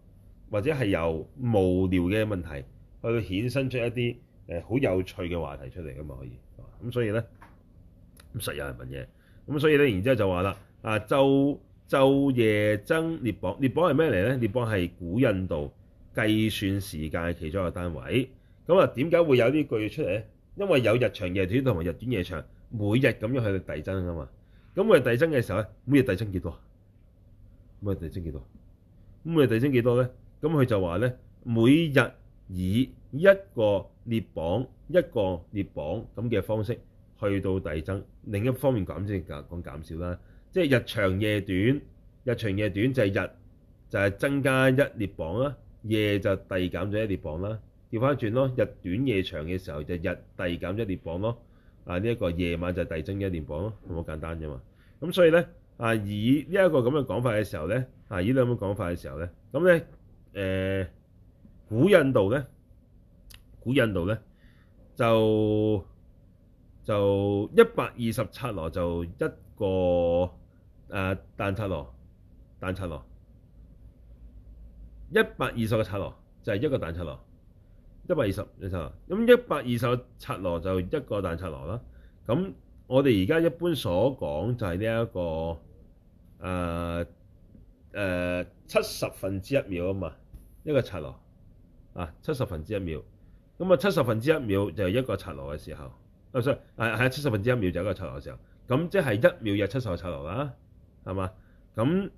或者係由無聊嘅問題去衍生出一啲誒好有趣嘅話題出嚟㗎嘛，可以，咁、嗯、所以咧，咁、嗯、實有人問嘢，咁、嗯、所以咧，然之後就話啦，啊，晝晝夜增臘縛，臘縛係咩嚟咧？臘縛係古印度計算時間嘅其中一個單位。咁啊，點解會有這句來呢句出嚟咧？因為有日長夜短同埋日短夜長，每日咁樣去度遞增噶嘛。咁佢遞增嘅時候咧，每日遞增幾多？每日遞增幾多？咁啊，遞增幾多咧？咁佢就話咧，每日以一個臘縛一個臘縛咁嘅方式去到遞增。另一方面減先減講減少啦，即、就、係、是、日長夜短，日長夜短就係日就係、是、增加一臘縛啦，夜就遞減咗一臘縛啦。調翻轉咯，日短夜長嘅時,、這個、時候，日日遞減一臘縛咯。啊，呢一個夜晚就遞增一臘縛咯，咁好簡單啫嘛。咁所以咧，啊，以呢一個咁嘅講法嘅時候咧，啊，以兩種講法嘅時候咧，咁咧，誒，古印度咧，古印度咧，就就一百二十剎那就一個誒怛剎那，怛剎那，一百二十個剎那就係一個怛剎那。一百二十，二十，咁一百二十個剎那就一個怛剎那啦。咁我哋而家一般所講就係呢一個誒誒、呃呃、七十分之一秒啊嘛，一個剎那啊，七十分之一秒。咁啊七十分之一秒就一個剎那嘅時候，啊，所以係七十分之一秒就一個剎那嘅時候。咁即係一秒有七十個剎那啦，係嘛？咁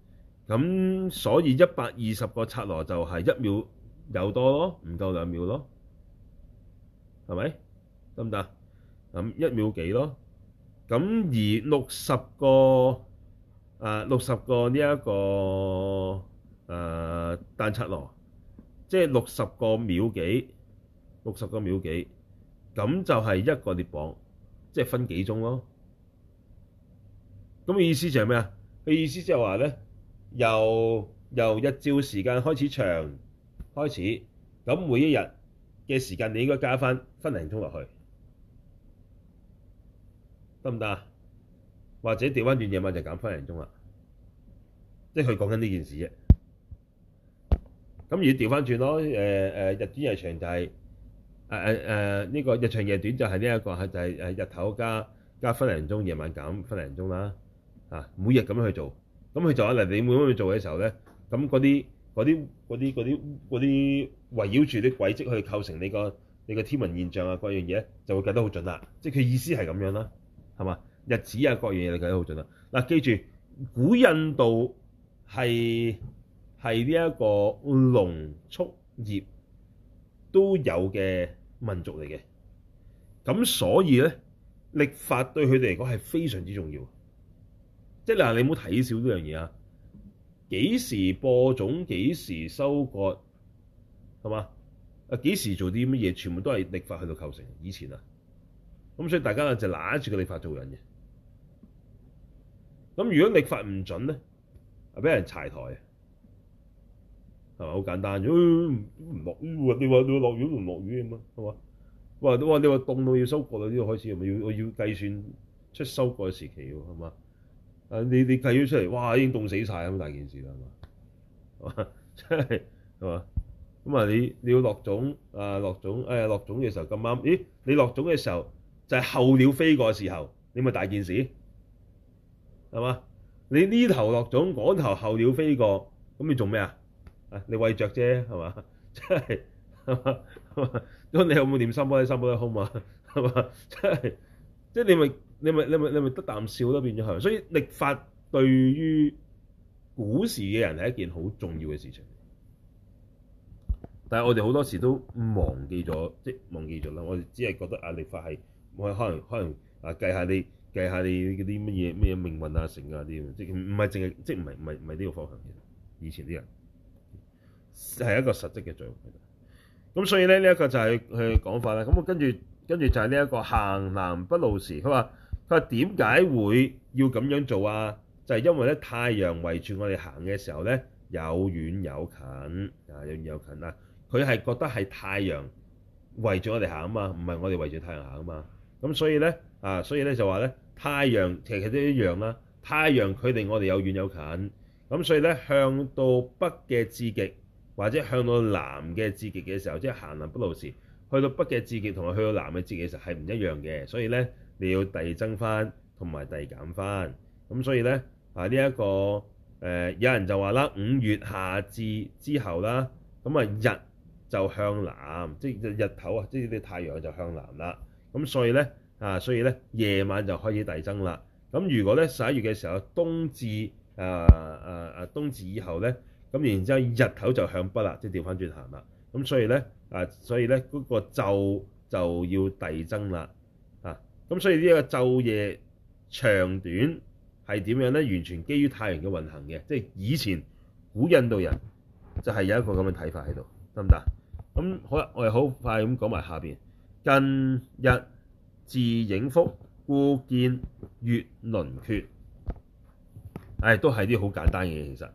咁所以一百二十個剎那就係一秒有多咯，唔夠兩秒咯。係咪得唔得？咁、嗯、一秒幾咯？咁而六十個六十、呃、個呢、這、一個誒怛剎那，即係六十個秒幾，六十個秒幾，咁就係一個臘縛，即係分幾鐘咯。咁嘅意思就係咩啊？意思即係話咧，由由日照時間開始長開始，咁每一日。嘅時間你應該加翻分零鐘落去，得唔得啊？或者調翻轉夜晚就減分零鐘啦，即係佢講緊呢件事啫。咁而調翻轉咯，誒、呃、誒日短日長就係誒誒誒呢個日長夜短就係呢一個係就係、是、誒日頭加加分零鐘，夜晚減分零鐘啦。啊，每日咁樣去做，咁佢做，嗱，你每樣去做嘅時候咧，咁啲啲啲啲嗰啲。圍繞住啲軌跡去構成你個你個天文現象啊，各樣嘢就會計得好準啦。即係佢意思係咁樣啦，係嘛？日子啊，各樣嘢你計得好準啦。嗱，記住，古印度係係呢一個農畜業都有嘅民族嚟嘅，咁所以咧，曆法對佢哋嚟講係非常之重要。即係嗱，你唔好睇小呢樣嘢啊！幾時播種，幾時收割。係嘛？啊幾時做啲乜嘢，全部都係曆法去到構成。以前啊，咁所以大家就拿住個曆法做人嘅。咁如果曆法唔準咧，啊俾人柴台係咪？好簡單。唔落雨你話你話落雨唔落雨係咪？係嘛？話哇，你話凍到要收割到呢個開始係咪要我要計算出收割嘅時期喎，係嘛？啊你你計咗出嚟，哇已經凍死晒咁大件事啦，係嘛？係嘛？真係係嘛？咁啊！你你要落種啊，落種誒、欸，落種嘅時候咁啱，咦？你落種嘅時候就係、是、候鳥飛過嘅時候，你咪大件事係嘛？你呢頭落種，嗰頭候鳥飛過，咁你做咩啊？啊，你餵雀啫係嘛？真係咁、就是、你有冇念三寶？三寶一空啊，係嘛？真係，即係你咪你咪你咪你咪得啖笑都變咗係，所以曆法對於古時嘅人係一件好重要嘅事情。但係我哋好多時都忘記咗，即係忘記咗啦。我哋只係覺得壓力法係我可能可能啊計下你計下你啲乜嘢咩命運啊成啊啲，即係唔係淨係即係唔係唔係唔係呢個方向嘅。以前啲人係一個實質嘅罪惡嚟。咁所以咧呢一個就係佢嘅講法啦。咁我跟住跟住就係呢一個行南北路時，佢話佢話點解會要咁樣做啊？就係因為咧太陽圍住我哋行嘅時候咧有遠有近啊，有遠有近啦佢係覺得係太陽圍住我哋行啊嘛，唔係我哋圍住太陽行啊嘛。咁所以咧啊，所以咧就話咧，太陽其實都一樣啦。太陽距離我哋有遠有近。咁所以咧，向到北嘅至極或者向到南嘅至極嘅時候，即係行南北路時，去到北嘅至極同埋去到南嘅至極嘅時候係唔一樣嘅。所以咧，你要遞增翻同埋遞減翻。咁所以咧啊，呢、這、一個誒、呃，有人就話啦，五月夏至之後啦，咁啊日，就向南，即係日日頭啊，即係啲太陽就向南啦。咁所以咧啊，所以咧夜晚就開始遞增啦。咁如果咧十一月嘅時候冬至啊啊啊冬至以後咧，咁然之後日頭就向北啦，即係調翻轉行啦。咁所以咧啊，所以咧嗰、那個晝就就要遞增啦。啊，咁所以呢個晝夜長短係點樣咧？完全基於太陽嘅運行嘅，即係以前古印度人就係有一個咁嘅睇法喺度，得唔得啊？咁、嗯、好啦，我哋好快咁講埋下邊。近日自影覆，故見月輪缺。唉、哎，都係啲好簡單嘅嘢其實。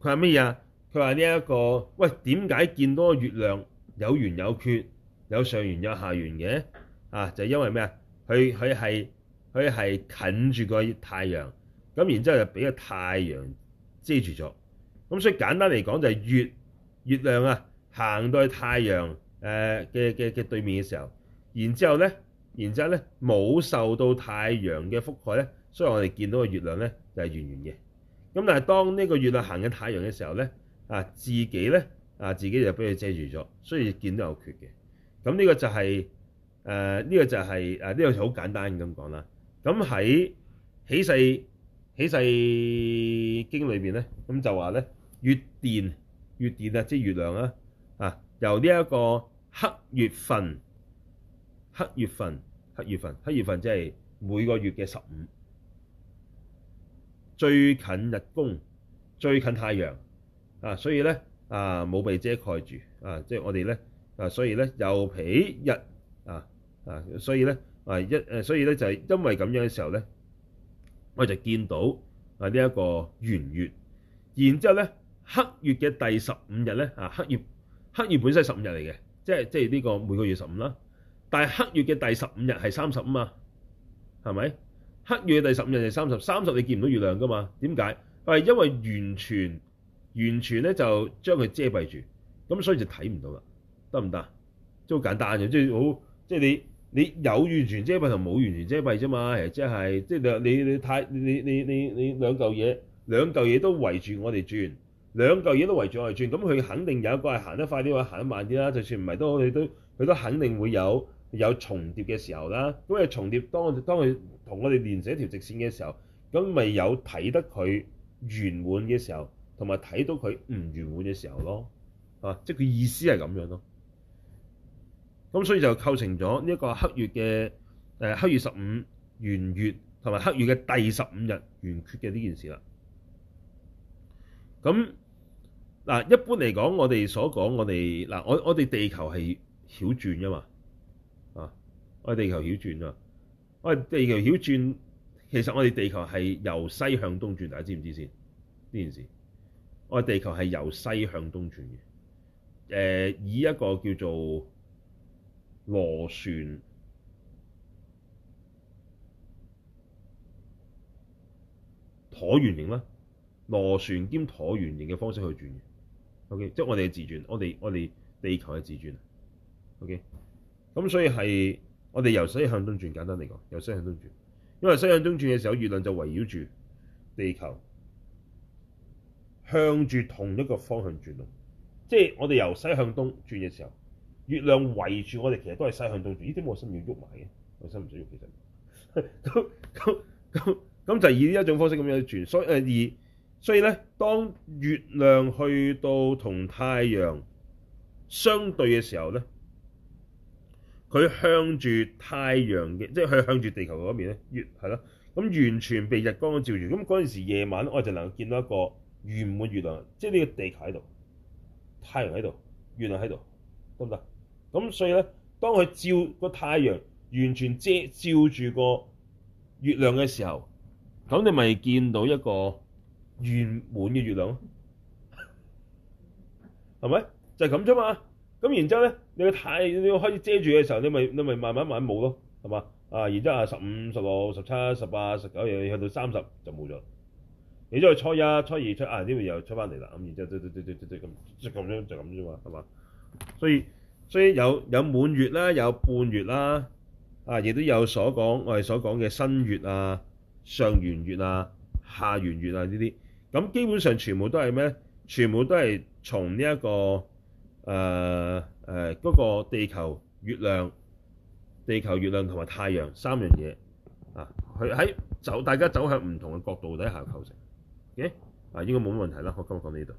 佢話咩嘢啊？佢話呢一個，喂，點解見到月亮有圓有缺，有上圓有下圓嘅？啊，就係、因為咩啊？佢佢係佢係近住個太陽，咁然之後就俾個太陽遮住咗。咁所以簡單嚟講就係月。月亮啊，行到去太陽誒嘅嘅嘅對面嘅時候，然之後咧，然之後咧冇受到太陽嘅覆蓋咧，所以我哋見到個月亮咧就係圓圓嘅。咁但係當呢個月亮行緊太陽嘅時候咧，啊自己咧，啊自己就俾佢遮住咗，所以見到有缺嘅。咁呢個就係誒，呢個就係誒，呢個好簡單咁講啦。咁喺起世起世經裏邊咧，咁就話咧月電。月殿啊，即係月亮啊，啊由呢一個黑月份、黑月份、黑月份、黑月份，即係每個月嘅十五，最近日宮、最近太陽啊，所以咧啊冇被遮蓋住啊，即係我哋咧啊，所以咧由彼日啊啊，所以咧啊一誒，所以咧就係因為咁樣嘅時候咧，我就見到啊呢一個圓月，然之後咧。黑月嘅第十五日咧啊，黑月黑月本身係十五日嚟嘅，即係即係呢個每個月十五啦。但係黑月嘅第十五日係三十啊嘛，係咪黑月嘅第十五日係三十？三十你見唔到月亮噶嘛？點解？係因為完全完全咧就將佢遮蔽住，咁所以就睇唔到啦。得唔得？即係好簡單嘅，即係好即係你你有完全遮蔽同冇完全遮蔽啫嘛。即係即係兩你你太你你你你，你，你兩嚿嘢兩嚿嘢都圍住我哋轉。兩嚿嘢都圍住我哋轉，咁佢肯定有一個係行得快啲或者行得慢啲啦。就算唔係都，佢都佢都肯定會有有重疊嘅時候啦。咁佢重疊當我哋當佢同我哋連成一條直線嘅時候，咁咪有睇得佢圓滿嘅時候，同埋睇到佢唔圓滿嘅時候咯。啊，即係佢意思係咁樣咯。咁所以就構成咗呢一個黑月嘅、呃、黑月十五圓月同埋黑月嘅第十五日圓缺嘅呢件事啦。咁嗱，一般嚟講，我哋所講，我哋嗱，我我哋地球係繞轉噶嘛，啊，我哋地球繞轉啊，我哋地球繞轉，其實我哋地球係由西向東轉，大家知唔知先呢件事？我哋地球係由西向東轉嘅，誒，以一個叫做螺旋橢圓形啦。螺旋兼橢圓形嘅方式去轉嘅，OK，即係我哋嘅自轉，我哋我哋地球嘅自轉，OK，咁所以係我哋由西向東轉。簡單嚟講，由西向東轉，因為西向東轉嘅時候，月亮就圍繞住地球向住同一個方向轉咯。即係我哋由西向東轉嘅時候，月亮圍住我哋其實都係西向東轉。呢啲冇心要喐埋嘅？我心唔想喐，其實咁咁咁咁就以呢一種方式咁樣轉。所以二。呃以所以咧，當月亮去到同太陽相對嘅時候咧，佢向住太陽嘅，即係佢向住地球嗰邊咧，月係啦，咁完全被日光照住。咁嗰陣時夜晚，我就能夠見到一個圓滿月亮，即係呢個地球喺度，太陽喺度，月亮喺度，得唔得？咁所以咧，當佢照個太陽完全遮照住個月亮嘅時候，咁你咪見到一個。圓滿嘅月亮咯，係咪？就係咁啫嘛。咁然之後咧，你要太你要開始遮住嘅時候，你咪你咪慢慢慢冇咯，係嘛？啊，然之後啊，十五、十六、十七、十八、十九，你去到三十就冇咗。你之後初一、初二、出、啊，呢啲嘢又出翻嚟啦。咁然之後，咁咁樣就咁啫嘛，係嘛？所以所以有有滿月啦，有半月啦，啊，亦都有所講我哋所講嘅新月啊、上弦月啊、下弦月啊呢啲。咁基本上全部都係咩？全部都係從呢一個誒誒嗰個地球、月亮、地球、月亮同埋太陽三樣嘢啊，佢喺走大家走向唔同嘅角度底下構成嘅、okay? 啊，應該冇乜問題啦，我今日講呢度